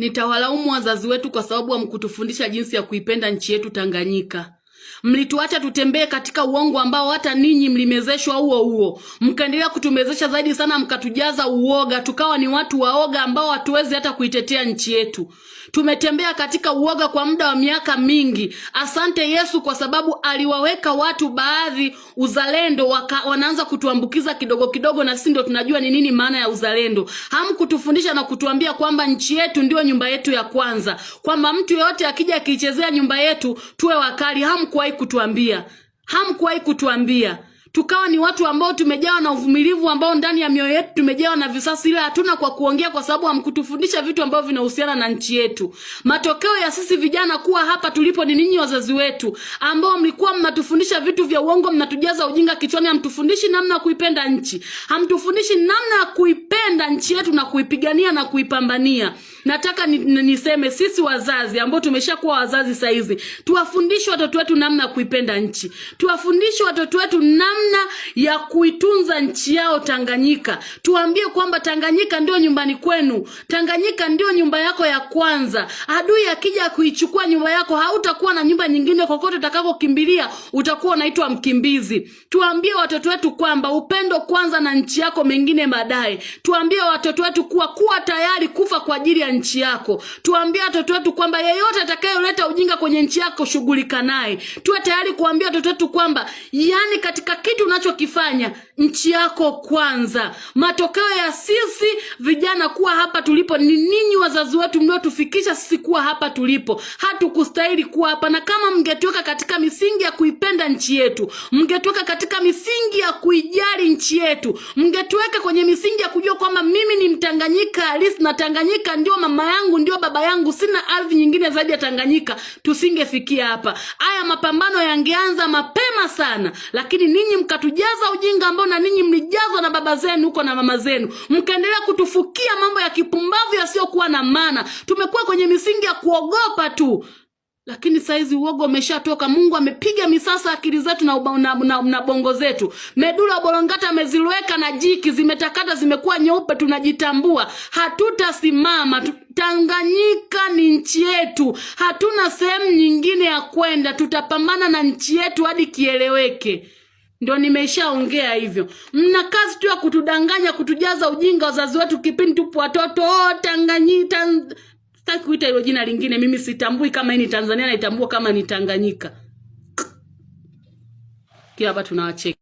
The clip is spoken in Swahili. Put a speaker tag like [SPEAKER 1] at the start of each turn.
[SPEAKER 1] Nitawalaumu wazazi wetu kwa sababu hamkutufundisha jinsi ya kuipenda nchi yetu Tanganyika. Mlituacha tutembee katika uongo ambao hata ninyi mlimezeshwa huo huo, mkaendelea kutumezesha zaidi sana, mkatujaza uoga, tukawa ni watu waoga ambao hatuwezi hata kuitetea nchi yetu. Tumetembea katika uoga kwa muda wa miaka mingi. Asante Yesu kwa sababu aliwaweka watu baadhi uzalendo waka, wanaanza kutuambukiza kidogo kidogo, na sisi ndio tunajua ni nini maana ya uzalendo. Hamkutufundisha na kutuambia kwamba nchi yetu ndio nyumba yetu ya kwanza, kwamba mtu yeyote akija akiichezea nyumba yetu tuwe wakali. Hamu hamkuwahi kutuambia, hamkuwahi kutuambia tukawa ni watu ambao tumejawa na uvumilivu ambao ndani ya mioyo yetu tumejawa na visasi, ila hatuna kwa kuongea, kwa sababu hamkutufundisha vitu ambavyo vinahusiana na nchi yetu. Matokeo ya sisi vijana kuwa hapa tulipo ni ninyi wazazi wetu ambao mlikuwa mnatufundisha vitu vya uongo, mnatujaza ujinga kichwani. Hamtufundishi namna ya kuipenda nchi, hamtufundishi namna ya kuipenda nchi yetu na kuipigania na kuipambania. Nataka niseme sisi wazazi ambao tumeshakuwa wazazi saizi, tuwafundishe watoto wetu namna ya kuipenda nchi, tuwafundishe watoto wetu namna namna ya kuitunza nchi yao Tanganyika. Tuambie kwamba Tanganyika ndio nyumbani kwenu, Tanganyika ndio nyumba yako ya kwanza. Adui akija kuichukua nyumba yako, hautakuwa na nyumba nyingine kokote utakakokimbilia, utakuwa unaitwa mkimbizi. Tuambie watoto wetu kwamba upendo kwanza na nchi yako, mengine baadaye. Tuambie watoto wetu kuwa kuwa tayari kufa kwa ajili ya nchi yako. Tuambie watoto wetu kwamba yeyote atakayeleta ujinga kwenye nchi yako, shughulika naye. Tuwe tayari kuambia watoto wetu kwamba yani просипання. nchi yako kwanza. Matokeo ya sisi vijana kuwa hapa tulipo ni ninyi wazazi wetu mliotufikisha sisi kuwa hapa tulipo. Hatukustahili kuwa hapa, na kama mngetuweka katika misingi ya kuipenda nchi yetu, mngetuweka katika misingi ya kuijali nchi yetu, mngetuweka kwenye misingi ya kujua kwamba mimi ni Mtanganyika halisi na Tanganyika ndio mama yangu, ndio baba yangu, sina ardhi nyingine zaidi ya Tanganyika, tusingefikia hapa. Haya mapambano yangeanza mapema sana, lakini ninyi mkatujaza ujinga ambao na ninyi mlijazwa na baba zenu huko na mama zenu, mkaendelea kutufukia mambo ya kipumbavu yasiyokuwa na maana. Tumekuwa kwenye misingi ya kuogopa tu, lakini saizi uogo umeshatoka. Mungu amepiga misasa akili zetu na, na, na, na bongo zetu. Medula bolongata ameziloweka na jiki zimetakata, zimekuwa nyeupe. Tunajitambua, hatutasimama tu. Tanganyika ni nchi yetu, hatuna sehemu nyingine ya kwenda. Tutapambana na nchi yetu hadi kieleweke. Ndio nimeshaongea hivyo. Mna kazi tu ya kutudanganya, kutujaza ujinga wazazi wetu kipindi tupo watoto. Oh, Tanganyika, sitaki kuita hilo jina lingine. Mimi sitambui kama hii ni Tanzania, naitambua kama ni Tanganyika. Kila hapa tunawacheka.